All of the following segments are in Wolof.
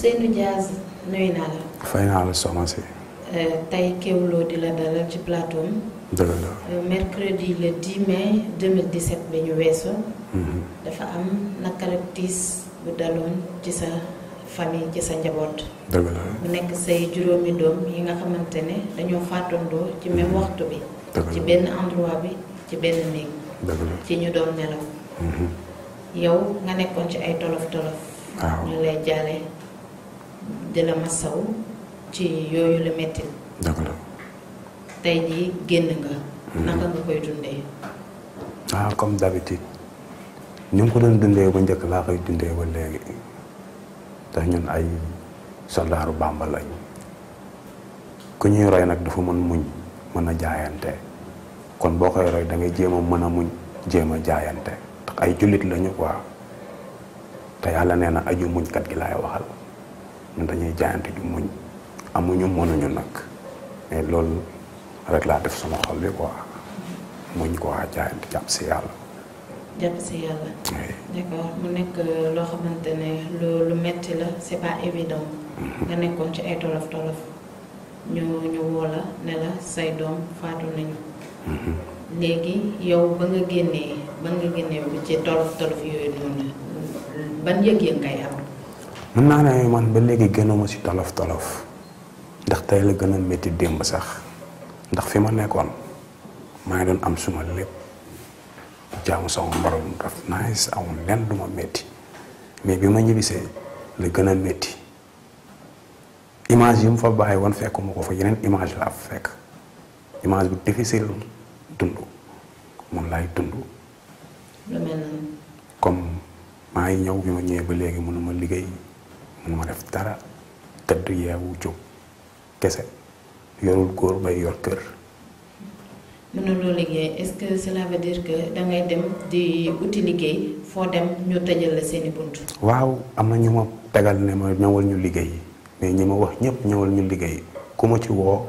Seynou Diaz nuyu naa la. fay la soxna si. Euh, tey Kéwoulo di la dalal ci plateau am. dëgg la euh, mercredi le 10 mai 2017 bi ñu weesu. Mhm. dafa am nakar ak tiis bu daloon ci sa famille ci sa njaboot. dëgg la mu nekk say juróomi doom yi nga xamante ne dañoo faatandoo ci même mhm. waxtu bi. ci benn endroit bi ci benn néeg. ci ñu doon nelaw. Mhm. yow nga nekkoon ci ay tolof tolof. ñu lay jaale di la masaw ci yooyu la metti tey jii génn nga mhm. naka nga koy dundee ah comme d'habitude ñu ngi ko doon dundee ba njëkk laa koy dundee ba léegi te ñun ay soldaaru Bàmba lañ ku ñuy roy nag dafa mën muñ mën a jaayante kon boo koy roy dangay ngay jéem a mën a muñ jéem a jaayante ndax ay jullit lañu quoi te yàlla nee na aju muñkat gi laay waxal ñun dañuy jaayante di muñ amuñu mënuñu loolu rek sama xol bi muñ ko waa mu nekk euh, loo xamante ne lu metti la c'est pas évident. Mm-hmm. nga nekkoon ci ay tolof tolof ñu ñu woo la ne la say doom faatu nañu. Mm-hmm. léegi yow ba nga génnee ba nga génnee ci tolof tolof yooyu noonu ban yëg-yëg ngay am. mën naa ne man ba léegi gënuma ci tolof tolof ndax tey la gën a métti démb sax ndax fi ma nekkoon maa ngi doon am suma lépp jaamu sama borom daf naa si amul lenn du mais bi ma ñibbisee la gën a métti image yi mu fa bàyyi woon fekkuma ko fa yeneen image la fa fekk image bu difficile dund moom laay dund. comme maa ngi ñëw bi ma ñëwee ba léegi mënuma liggéey. mo def dara tëdd yeewu jog kesse yorul gor bay yor keur nono lo ligue est-ce que cela veut dire que da ngay dem di outil ligue fo dem ñu tejeul la seeni buntu waaw amna ñu ma tegal ne ma ñëwal ñu ligue yi mais ñi ma wax ñep ñëwal ñu ligue yi kuma ci wo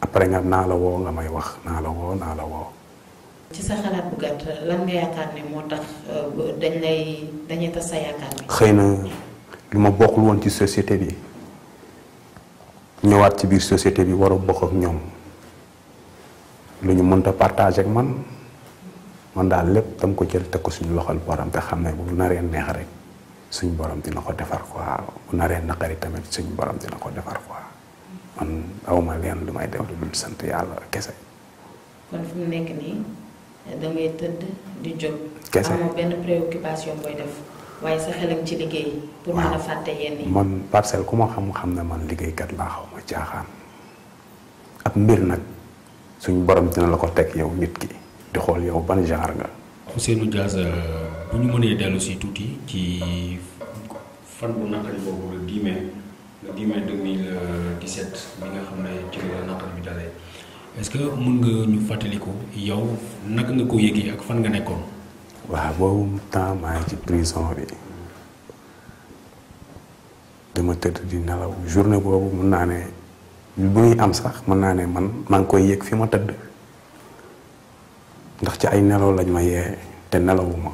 après nga na la wo nga may wax na la wo na la wo ci sa xalaat bu gatt lan nga yaakaar ne moo euh, dañ lay dañ ta sa yaakaar xeyna bi ma bokkul woon ci société bi ñëwaat ci biir société bi waro a bokk ak ñom lu ñu mënta partager ak man man daal lepp tam ko jël teg ko suñu loxol borom te xam ne bu naree neex rek suñ borom dina ko défar quoi bu naree naqari tamit suñ borom dina ko défar quoi man awma leen lu may def lu dul sant yalla kessé kon fi mu nekk ni da ngay teud di jog amo ben préoccupation boy def waaye sa xelam ci liggéey. pour mën a fàtte yenn yi man parcelle ku ma xam xam ne man liggéeykat laa xaw caaxaan. ab mbir nag suñ borom dina la ko teg yow ki ban genre nga. Ousseynou Diaz euh, bu ñu fan bu naqari boobu le 2017 euh, bi nga xam ne ci la bi dalee est-ce que waaw boobu temps maa ngi ci prison bi dama tëdd di nelaw journée boobu mën naa ne bu muy am sax mën naa ne man maa ngi koy yëg fi ma tëdd ndax ci ay nelaw lañ ma yee te nelawuma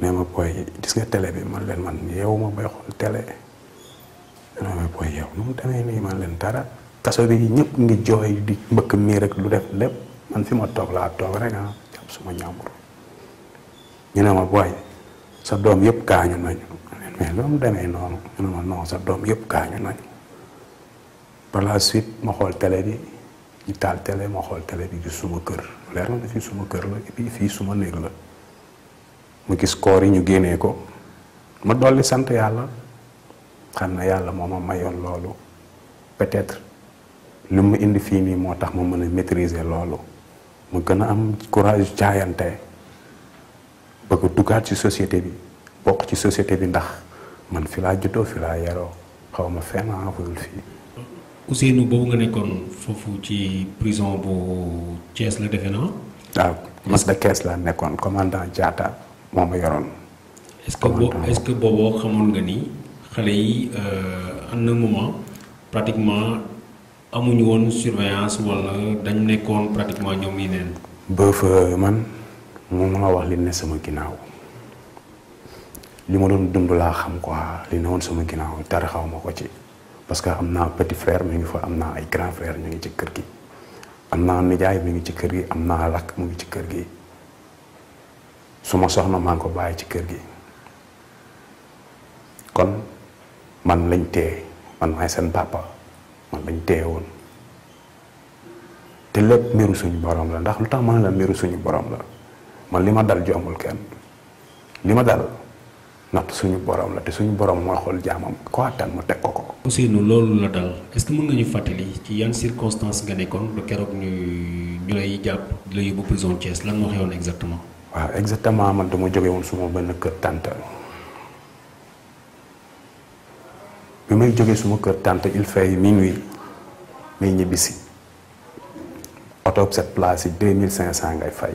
nee ma booy gis nga télé bi man leen man yeewu ma bay xool télé nee ma booy yow nu mu demee nii man leen dara kaso bi ñëpp ngi jooy di mbëkk miir rek lu def lépp man ma toog laa toog rek ah, suma ñàmbur ñu ne ma booy sa doom yëpp gaañu nañu mu demee noonu ñu sa doom yëpp gaañu nañu par la suite xool télé bi ñu taal xool télé bi suma kër fii suma kër la et fii suma néeg la mu gis koor yi ñu génnee ko ma dolli sant yàlla xam na yàlla moo ma mayoon loolu peut-être li mu indi fii nii moo tax ma mën a maîtriser loolu ma gën a am courage jaayante bëgg a duggaat ci société bi bokk ci société bi ndax man fi laa juddoo fi laa yaroo xaw ma fenn ah, fuyul fii. nekkoon foofu ci prison bu Thiès la defe naa. waaw mas de Thiès laa nekkoon commandant Diatta moom ma yoroon. est-ce que booboo xamoon nga ni xale yi euh, à un moment pratiquement. amuñu won surveillance wala eh, dañ nekkon pratiquement ñom yi neen ba fa man mo ma wax li ne sama ginaaw li ma doon dund la xam quoi li ne won sama ginaaw dara xawma ko ci parce que amna petit frère mi ngi fa amna ay grand frère ñu ngi ci kër gi amna nijaay mi ngi ci kër gi amna lak mu ngi ci kër gi suma soxna ma ko baye ci kër gi kon man lañ té man maay sen papa man lañ téewon té lepp miru suñu borom la ndax lutax man la miru suñu borom la man lima dal ju amul kenn lima dal nat suñu borom la té suñu borom mo xol jaamam ko attan mu tek ko ko. Ousseynou loolu la dal est ce que mën nga ñu fatali ci yan circonstances nga nekkon ba kérok ñu ñu lay japp lay yobu prison Thiès lan mo xewon exactement. wa exactement man dama jóge won suma ben keur tante bi may jógee suma keur tante il fait minuit may ñibbisi oto cette place 2500 ngay fay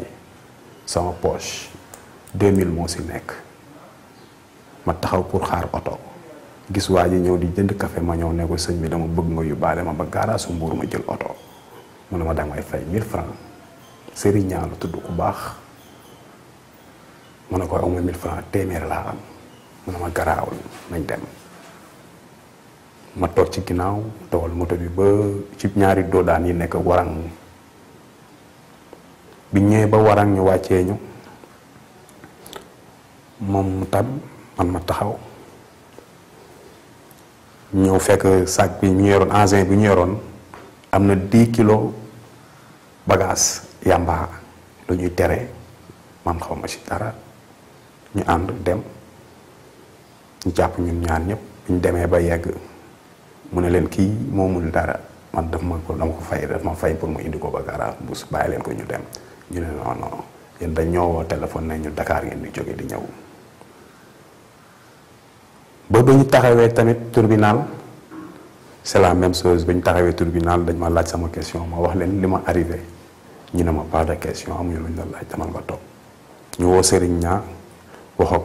sama poche 2000 mo ci nek ma taxaw pour xaar auto gis waa ñew di jënd café ma ñew ne ko sëñ bi dama bëgg nga yu balé ma ba gaaraasu mbuur ma jël auto mu ne ma danga may fay 1000 francs sëriñ ñaanu tuddu ku bax mu ne ko aw 1000 francs téeméer la am mu ne ma garaawul nañ dem ma tor ci ginaaw dawal moto bi ba ci ñaari doodaan yi nek warang bi ñëwee ba warang ñu wacce ñu mom mu tab man ma taxaw ñëw fekk sac bi ñu yoroon engin bi ñu yoroon amna 10 kilo bagage yamba lu ñuy téré man xawma ci dara ñu and dem ñu japp ñun ñaan ñep ñu démé ba yegg mu ne leen kii moomul dara man daf ma ko dama ko fay daf ma fay pour mu indi ko ba garage bu bàyyi leen ko ñu dem ñu ne non non dañ ñoo woo téléphone ne dakaar Dakar ngeen di jóge di ñëw ba ñu taxawee tamit tribunal c'est la même chose ba ñu taxawee tribunal dañ ma laaj sama question ma wax leen li ma arrivé ñu ne ma pas de question amuñu luñ la laaj demal nga toog ñu woo Serigne Niang wax ak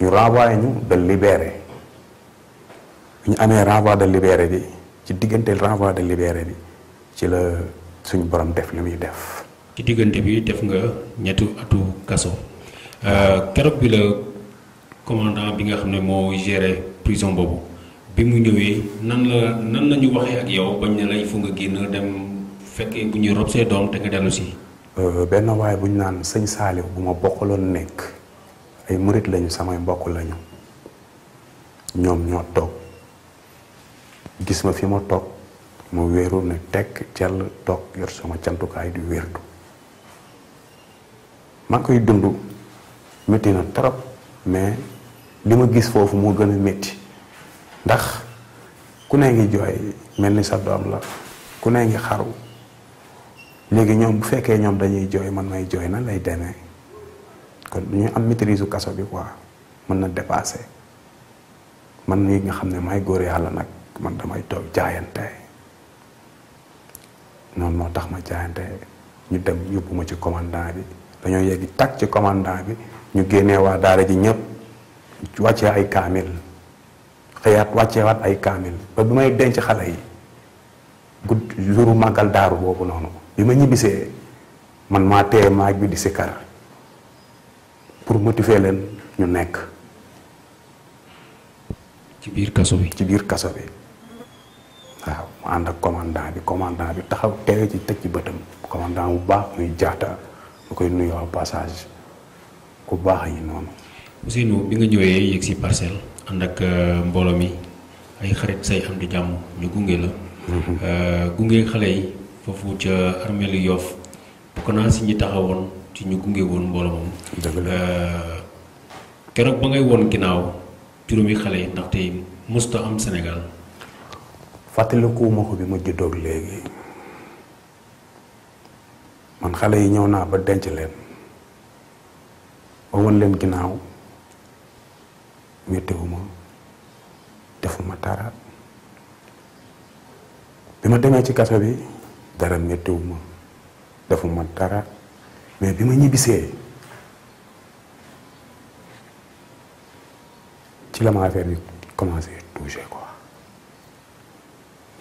ñu renvoyé ñu de libéré. ñu amee renvoi de libéré bi ci diggante renvoi de libéré bi ci la suñu borom def li muy def. ci diggante bi def nga ñettu atu kaso euh, keroog bi la commandant bi nga xam ne moo géré prison boobu bi mu ñëwee nan la nan lañu waxee ak yow bañ ne lay fu nga génn dem fekkee bu ñuy rob see doom te nga dellu euh, benn waaye bu ñu naan sëñ saali bu ma bokkaloon nekk ay murit lañu samay mbokk lañu ñoom ñoo toog. gis ma fi ma toog ma wéeru ne tekk jàll toog yor sama cantukaay di wérdu maa koy dund métti na trop mais li ma gis foofu moo gën a métti ndax ku ne ngi jooy mel ni sa doom la ku ne ngi xaru léegi ñoom bu fekkee ñoom dañuy jooy man may jooy nan lay demee kon ñu am maîtrise u kaso bi quoi mën na dépasser man yi nga xam ne may góor yàlla nag man damay toog jaayante noonu moo tax ma jaayante ñu dem yóbbu ci commandant bi dañoo yegg tag ci commandant bi ñu génnee waa daara ji ñëpp wàccee ay kaamil xëyaat wàcceewaat ay kaamil ba bi may denc xale yi gudd juru màggal daaru boobu noonu bi ma ñibbisee man maa téye maag bi di sikar pour motiver leen ñu nekk. ci biir kaso bi ci biir kaso bi. waaw ah, komandan ànd ak commandant bi commandant bi taxaw tege ci tëj ci bëtam commandant bu baax muy jaata lu koy nuyoo passage ku baax yi noonu. Ousseynou bi nga ñëwee yegg si parcelle ànd ak euh, mbooloo mi ay xarit say am di jàmm ñu gunge la. Mm-hmm. Euh, gunge xale yi foofu ca armeelu Yoff bokk naa si ñi taxawoon ci ñu gunge woon mbooloo moom. dëgg la euh, keroog ba ngay woon ginnaaw juróomi xale yi ndaxte musta am Sénégal. fàttalikuwuma ko bi ma juddoog léegi man xale yi ñëw naa ba denc leen ba won leen ginnaaw wéetewuma defuma dara bi ma demee ci kaso bi dara méttiwuma defuma dara mais bi ma ñibbisee ci la ma affaire bi commencé touché ko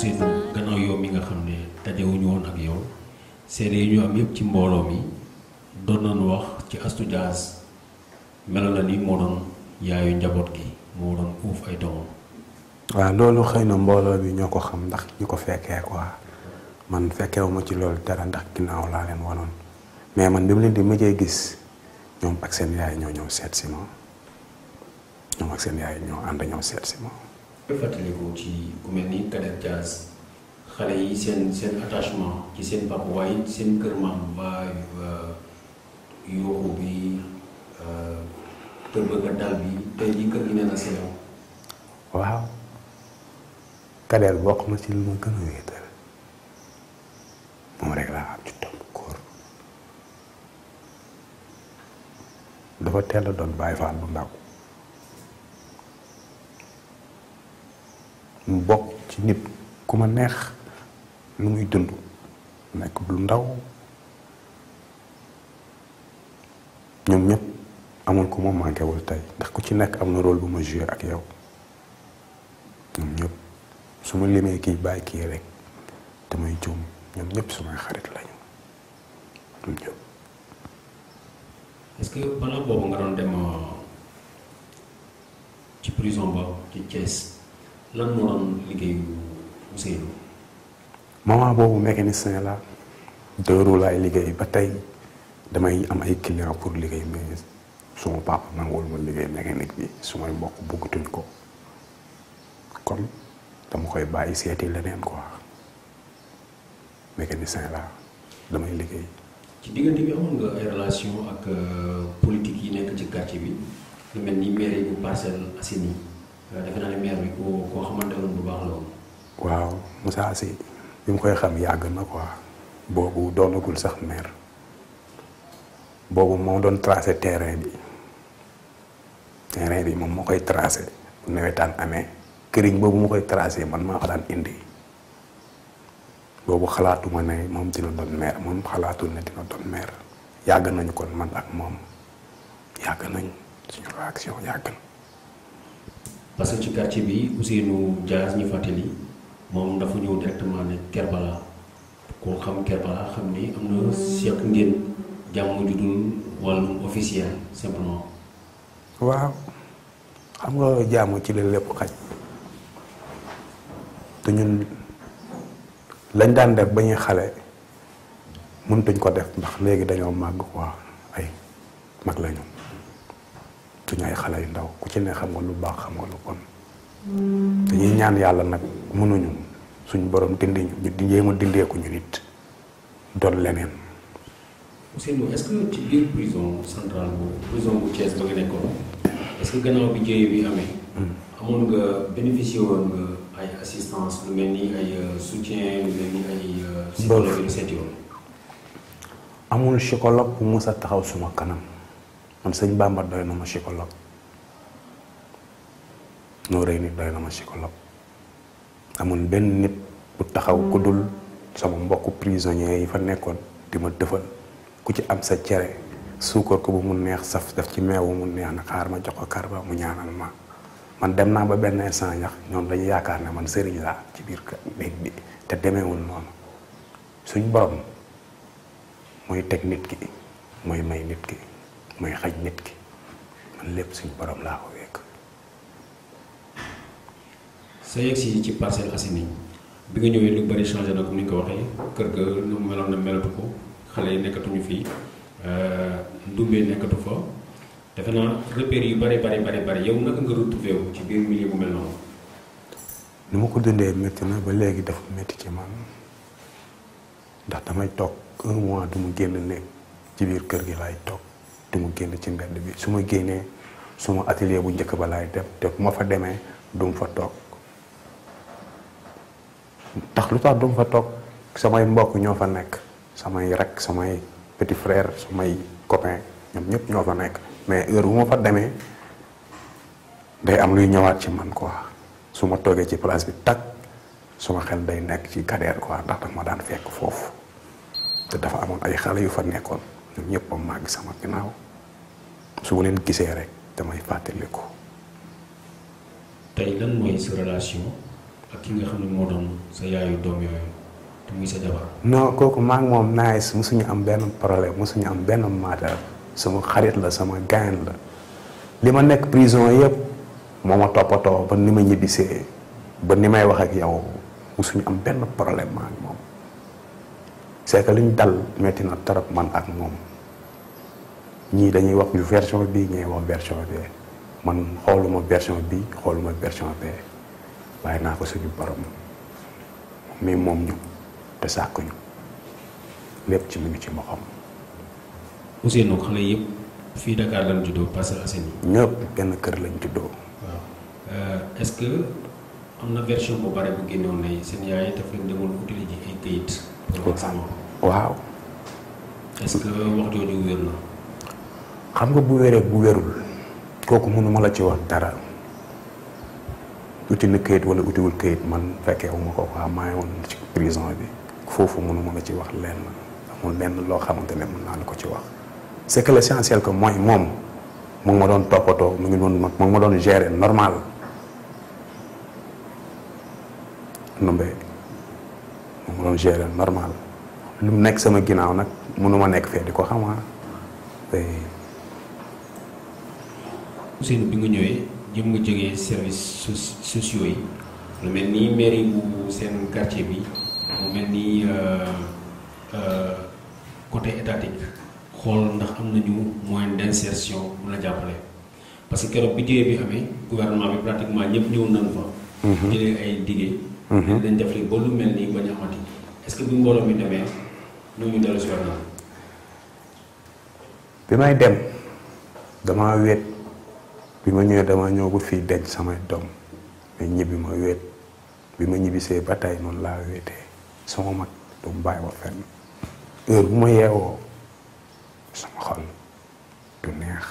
Ousseynou gannaaw yow mi nga xam ne tajewuñu woon ak yow seede yi ñu am yëpp ci mbooloo mi doon nañu wax ci astu Diaz mel na ni moo doon yaayu njaboot gi moo doon uuf ay doomam. waaw loolu xëy na mbooloo bi ñoo ko xam ndax ñu ko fekkee quoi man fekkewuma ci loolu dara ndax ginnaaw laa leen wanoon mais man bi mu leen di mujjee gis ñoom ak seen yaay ñoo ñëw seet si ma ñoom ak seen yaay ñoo ànd ñëw seet si ma. koy fàttaliku ci ku mel ni Kader Diaz xale yi seen seen attachement ci seen papa waaye seen kër maam ba yooxu bi kër euh, bëgga daal bi tey jii kër gi nee na waaw Kader bokk na ci li ma gën a wéetal moom rek laa xam ci tomb kóor dafa teel a doon bàyyi faal bu ndaw mbok ci nit kuma neex lu muy dund nek lu ndaw ñom ñep amul ku ma manké wol tay ndax ku ci nek am na rôle bu ma jouer ak yow ñom ñep suma limé ki bay ki rek damay joom ñom ñep suma xarit lañu ñom ñep est ce que bana bobu nga don dem euh, ci prison ba ci Thiès lan moo doon liggéeyu Ousseynou. moment boobu mécanicien la deux liggéey ba tey damay am ay client pour liggéey mais suma papa ma liggéey mécanique bi sumay mbokk bëggatuñ ko kon koy bàyyi seeti leneen quoi mécanicien la damay liggéey. ci diggante bi amoon nga ay relation ak euh, politique yi nekk ci quartier bi ni mairie bu Parcelles Assainies defe naa ne maire bi ku koo xamante woon bu baax loolu. waaw Moussa Sy bi mu koy xam yàgg na quoi boobu doonagul sax maire boobu moo doon tracé terrain bi terrain bi moom moo koy tracé bu nawetaan amee këriñ boobu mu koy tracé man maa ko indi boobu xalaatuma ne moom dina doon maire moom xalaatul ne dina doon maire yàgg nañu kon man ak moom yàgg nañ suñu réaction yàgg na. parce que ci quartier bi Ousseynou Diaz ñu fàttali moom dafa ñëw directement ne Kerbala koo xam Kerbala xam ni am na seq ngeen jàmm ju dul wàllum officiel simplement. waaw xam nga jaamu ci la lépp xaj te lañ daan def ba ñuy xale mëntuñ ko def ndax léegi dañoo màgg quoi ay mag lañu duñu ay xale yu ndaw ku ci ne xam nga lu baax xam nga lu bon dañuy ñaan yàlla nag mënuñu suñu borom dindi ñu di jéem a dindeeku ñu nit doon leneen. Ousseynou est-ce que ci biir prison bu prison ba nga nekkoon est-ce que gannaaw bi jëye bi amee. Hmm. amoon nga bénéficié woon nga ay assistance lu mel ni ay euh, soutien lu mel ni ay. Euh, psychologue yu seeti woon. amul psychologue bu mës a taxaw suma kanam. man sëñ Bàmba doy na ma psychologue noo rëy nit na ma amul benn nit bu taxaw ku dul sama mbokku prisonniers yi fa nekkoon di ma dëfal ku ci am sa cere suukar ko bu mu neex saf daf ci meew mu neex na xaar ma jox ko kar ba mu ñaanal ma man dem naa ba benn instant ñoom dañu yaakaar ne man sëriñ laa ci biir néeg bi te demeewul noonu suñ borom mooy teg nit ki mooy may nit ki muy xaj nit ki man lepp suñu borom la ko wék sa yegg si ci Parcelles Assainies bi nga ñëwé lu bari changer na comme ni nga ko waxee kër ga lu meloon na melatu ko xale yi fi euh ndumbé nekatu fa defé na repère yu bari bari bari bari yow nak nga retrouvé wu ci biir milieu bu mel non ni ma ko dundee métti na ba légui dafa metti ci man ndax damay tok un mois du mu génn néeg ci biir kër gi lay tok du ma génn ci mbedd bi su ma génnee suma atelier bu njëkk ba laay dem te bu ma fa demee dum fa toog tax lu tax dum fa toog samay mbokk ñoo fa nekk samay rek samay petit frère samay copain ñoom ñëpp ñoo fa nekk mais heure bu ma fa demee day am luy ñëwaat ci man quoi su ma toogee ci place bi tak suma xel day nekk ci kadeer quoi ndax dama daan fekk foofu te dafa amoon ay xale yu fa nekkoon ñëpp a màgg sama ginnaaw su ma leen gisee rek damay fàttali ko. tey lan mooy sa relation ak te muy kooku maa ngi moom naaj mosuñu am benn problème mosuñu am benn maatar sama xarit la sama gaañ la li ma nekk prison yëpp moo ma toppatoo ba ni ma ñibbisee ba ni may wax ak yow mosuñu am benn problème maa ngi moom. c'est que liñ dal metti na trop man ak moom. ñii dañuy wax ñu version bii ñuy wax version bee man xooluma version bi xooluma version bee bàyyi naa ko suñu borom mi moom ñu te sàkk ñu lépp ci mu ngi ci ma xam Ousseynou xale yëpp fii Dakar lañ juddoo Parcelles Assainies ñëpp benn kër lañ juddoo waaw euh, ce que am na version bu bare bu génnoon ne seen yaay daf leen demoon utili ji ay këyit waaw est wax jooju wér xam nga bu wéree bu wérul kooku mënuma la ci wax dara uti na këyit wala utiwul kayit man fekkee uma ko quoi maa ngi woon ci prison bi foofu mënuma la ci wax lenn amul lenn loo xamante ne mën naa la ko ci wax c'est que l'essentiel que mooy moom mu ma doon toppatoo mu ngi doon mu ngi ma doon gérer normal numbe mu ngi ma mu nekk sama ginnaaw nag mënuma nekk fee di ko xamaa Ousseynou bi nga ñëwee jëm nga jógee service sociaux yi lu mel ni mairie bu seen quartier bi mu mel ni euh, euh, côté étatique xool ndax am nañu moyen d' insertion mun a jàppale parce que keroog bi jëyee bi amee gouvernement bi pratiquement ñëpp ñëw nan fa mhm. jëlee ay diggé dañ mhm. def li ba lu mel nii bañ amati est ce que bu mbooloo mi demee ñooñu dellu si war naa bi may dem dama wéet bi ma ñëwee dama ñëwagul fii denc samay doom mais ñibbi ma wéet bi ma ñibbisee ba tey noonu laa wéetee sama mag du mu bàyyi ma fenn xol du neex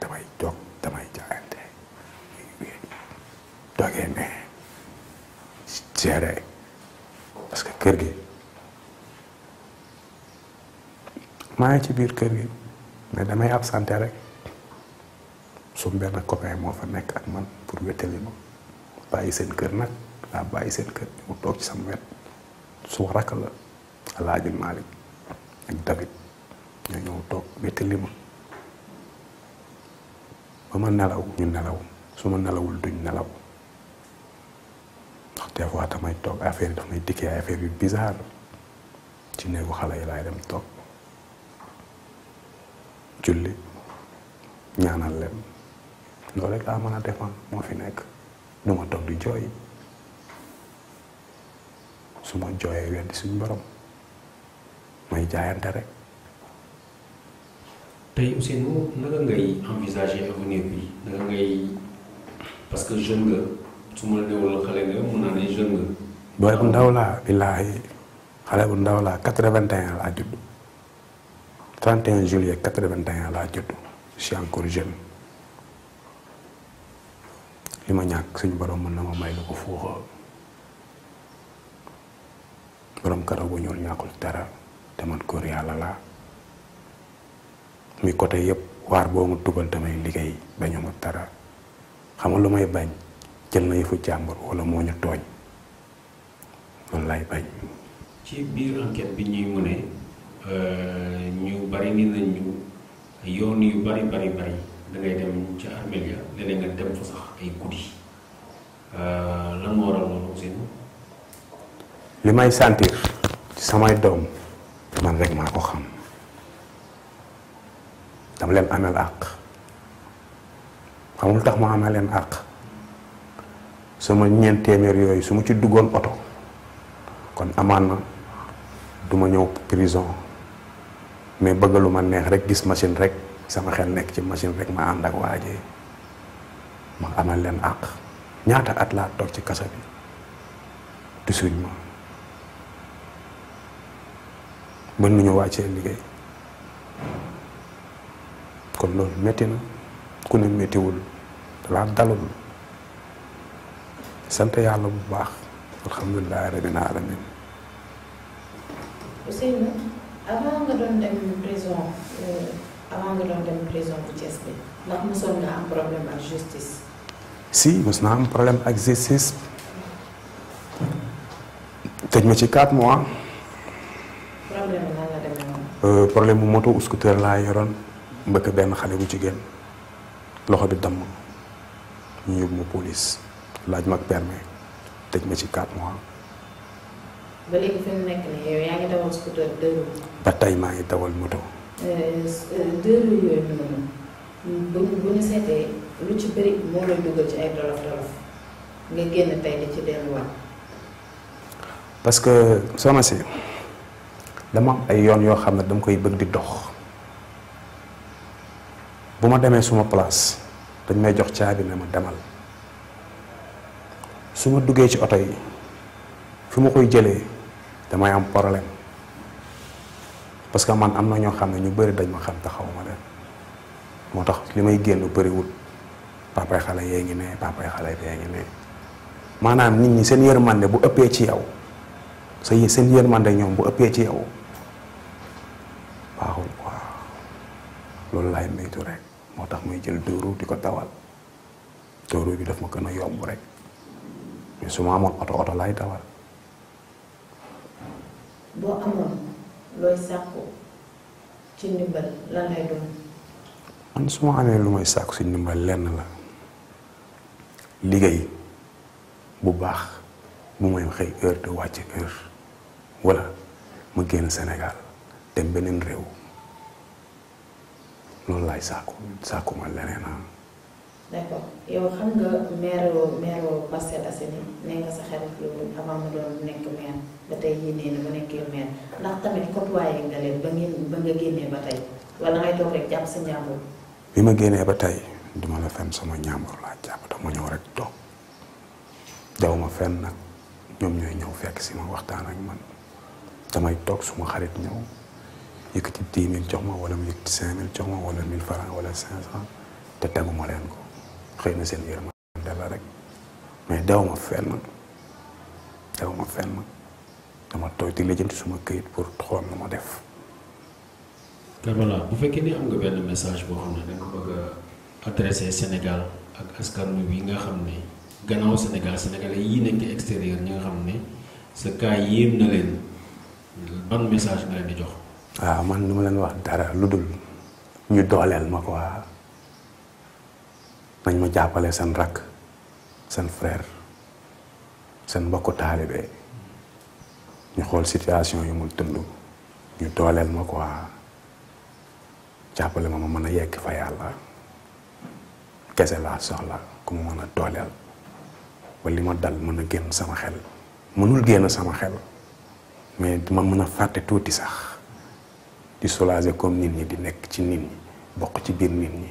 damay jog damay jaayante dogee ne géré parce que kër gi maa ngi ci biir kër gi mais damay absenté rek suñ benn copain moo fa nekk ak man pour wéttali ma bàyyi seen kër nag laa bàyyi seen kër ñëw toog ci sama wet su rakk la alaaji Malick ak David ñoo ñëw toog nelaw ñu nelawul duñ nelaw ndax des fois toog affaire yi daf may dikkee affaire yu bizarre ci néegu xale yi laay julli ñaanal leen loolu rek laa mën a def moo fi nekk du ma toog di jooy su ma jooyee weddi suñu borom may jaayante rek. tey Ousseynou naka ngay envisager avenir bi naka ngay parce que jeune nga su ma la déwénoo xale nga mun naa ne jeune nga. booy bu ndaw laa billaahi xale bu ndaw laa quatre-vingt-un laa judd 31 juillet quatre-vingt-un laa judd je suis jeune. li ma ñak suñu borom mën na ma may lu ko fuuxoo borom karaw bu ñuul ñakul dara te man ko yàlla la mi côté yépp war bo mu tugal damay liggéey bañu ma dara xam lu may bañ jël na yëfu jàmbur wala moo ñu tooñ loolu lay bañ ci biir enquête bi ñuy mu euh ñu bari ni nañu yoon yu bari bari bari da ngay dem ci teman ya nga dem fa sax ay guddi euh, lan moo waral loolu aussi li may sentir ci samay doom man rek maa ko xam dama leen amel ak xamul tax ma amel leen àq sama ñeent téeméer yooyu su ci oto kon amana na prison mais bëgg lu ma neex rek gis machine rek sama xel nekk ci machine rek ma ànd ak waajee ma amal leen àq ñaata at laa toog ci kaso bi du suñ ma ba nu wàccee liggéey kon loolu metti na ku ne mettiwul laa dalul sant yàlla bu baax alhamdulilah rabbil alamin avant nga doon dem prison bu Thiès bi ndax mosoon nga am problème ak justice. si mos naa am problème ak justice tëj ma ci 4 mois. problème bu euh, moto ou scooter laa yoroon mbëkk benn xale bu jigéen loxo bi damm ñu yóbbu ma police laaj ma ak permis tëj ma ci 4 mois. ba léegi fi mu nekk nii yow yaa ngi dawal scooter deux roues. ba tey maa ngi dawal moto. Euh, bu ñu seetee lu ci bëri moo lay dugal ci ay tolof tolof nga génn tey di ci delluwaat. parce que soxna dama am ay yoon yoo xam ne dama koy bëgg di dox bu ma demee suma place dañ may jox caabi ne ma demal su ma duggee ci oto yi fi ma koy jëlee damay am problème. parce que man amna ño xamné ñu bëri dañ ma xam te xaw ma leen moo tax li may génn papay ngi né papay xalé ngi né manam nit ñi seen bu ëppé ci yow sa seen yërmande ñom bu ëppé ci yow baaxul quoi lay laay tu rek motax muy jël dooru diko tawal dooru bi daf ma gëna yomb rek mais su auto looy sàkku ci ndimbal lan lay doon. man su ma amee lu may sàkku ci ndimbal lenn la liggéey bu baax bu may xëy heure te wàcc heure walla ma génn Sénégal dem beneen réew loolu laay sàkku sàkku ma d'accord yow xam nga maire maire Parcelles Assainies ne nga sa xarit yow avant mu doon nekk maire ba tey yii nee na mu nekkee maire ndax tamit côtoyé nga leen ba ngeen ba nga génnee ba wala ngay toog rek jàpp sa bi ma génnee ba duma la fenn sama njàmbur laa jàpp dama ñëw rek toog daw ma fenn nag ñoom ñooy ñëw fekk si ma waxtaan ak man damay toog suma xarit ñëw yëkkati 10 000 jox ma wala 5 000 jox ma wala 1000 francs wala 500 te leen ko xëy na seen yërmande la rek mais daw ma fenn daw ma fenn dama toog di lijjanti suma këyit pour xool na ma def. Karbala bu fekkee ni am nga benn message boo xam ne danga bëgg a Sénégal ak askan wi nga xam ne gannaaw Sénégal sénégalais yi nekk extérieur ñi nga xam ne sa cas yéem na leen ban message nga leen di jox. waaw ah, man lu ma leen wax dara lu dul ñu dooleel ma quoi. nañ ma jàppale seen rakk seen frère seen mbokku taalibe ñu xool situation yi mu dund ñu dooleel ma ko quoi jàppale ma ma mën a yegg fa yàlla kese laa soxla ku ma mën a dooleel ba li ma dal mën a génn sama xel mënul génn sama xel mais duma mën a fàtte tuuti sax di soulager comme nit ñi di nekk ci nit ñi bokk ci biir nit ñi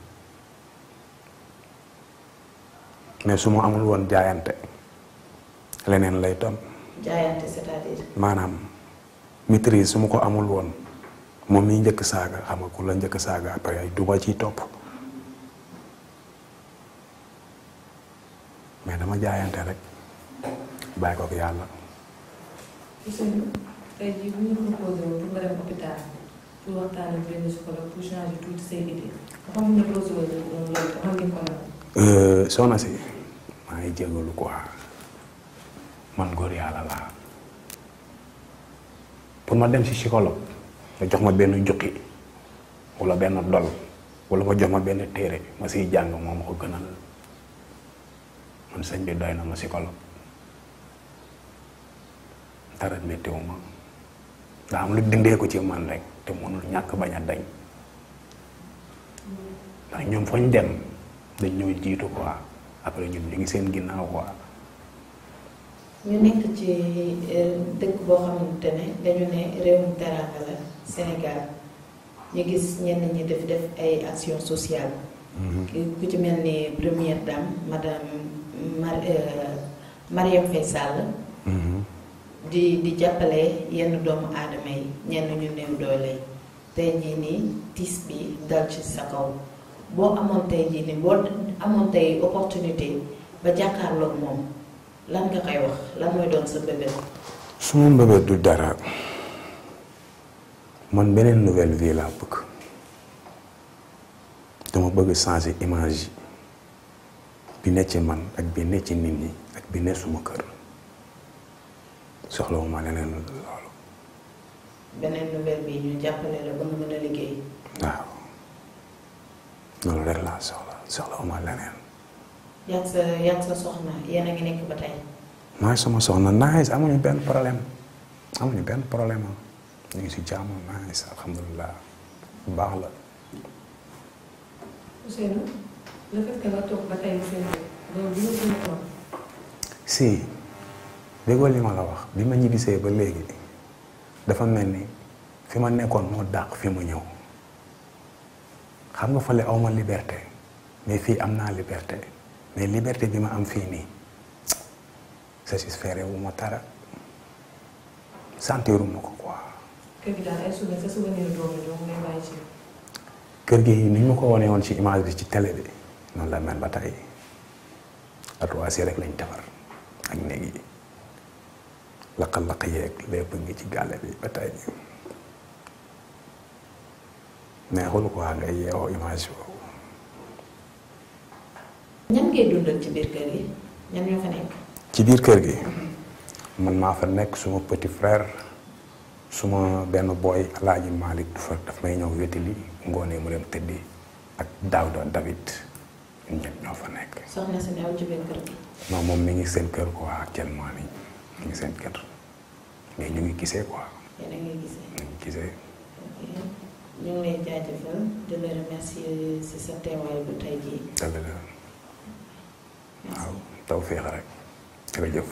mais su ma amul woon jaayante leneen lay ton maanaam maîtrise su ma ko amul woon moom mi njëkk saaga xam nga ku la njëkk saaga après du ma ciy topp mais dama jaayante rek bàyyi ko yàlla. pour nga dem hôpital pour pour changer nga proposé woon Euh, soxna si maa ngi jégalu quoi man góor yàlla laa pour ma dem si psychologue nga jox ma benn jukki walla benn dol walla ma jox ma benn téere ma siy jàng moom ma ko gënal man sëñ bi doy na ma psychologue dara méttiwu ma am lu dindee ko ci man rek te mënul ñàkk bañ a dañ ndax ñoom fañ dem dañ ñëw jitu quoi après ñun ñu ngi seen ginnaaw quoi. ñu nekk ci eh, dëkk boo xamantene dañu ne réewum teranga la Sénégal ñu gis ñenn ñi def def ay action sociale. Mm-hmm. ku ci mel ni première dame madame Mar eh, Mariam Faye mm-hmm. di di jàppale yenn doomu aadama yi ñenn ñu néew doole tey ñii nii tiis bi dal ci sa kaw. boo amoon tey jii nii boo amoon tey opportunité ba jàkkaarloog moom lan nga koy wax lan mooy doon sa mbébét. suma mbébét du dara man beneen nouvelle vie laa bëgg dama bëgg changer image bi ne ci man ak bi ne ci nit ñi ak bi ne suma kër soxlawuma leneen loolu. beneen nouvelle bi ñu jàppale la ba nga a liggéey. waaw. loolu rek laa soxla soxla uma leneen. yaa sa yaa sa soxna yéen a ngi nekk ba tey. maa ngi sama soxna amuñu benn problème amuñu benn problème ñu ngi si jàmm nice alhamdulilah bu baax la. si déggoo li ma la wax bi ma ñibbisee ba léegi dafa mel ni fi ma nekkoon moo dàq fi mu ñëw. xam nga fële aw ma liberté mais fii am naa liberté mais liberté bi ma am fii nii satisfaire wu ma dara sentir ma ko quoi. kër gi daal ay souvenir sa souvenir doom yi doom ngay bàyyi ci. kër gi ni ñu ko wane woon ci image bi ci télé bi noonu la mel ba tey atuwaasi rek lañ defar ak néeg yi laq-laq yeeg lépp ngi ci gàlle bi ba tey. ne xolu ko nga yeewoo image boobu. ñan ngay dundal ci bir kër gi ñan ñu fa nek ci bir kër gi. man ma fa nek suma petit frère suma ben boy alaaji malik du fa daf may ñëw li ngone mu dem teddi ak dawdo David ñëpp ñoo fa nek soxna si neew ci bir kër gi. non mom mi ngi seen kër quoi actuellement nii mi ngi seen kër mais ñu ngi gisé quoi. ñu ngi gisé ñu ngi gisee. ñu ngi lay jaajëfal remercier ce sa teewaay bu tey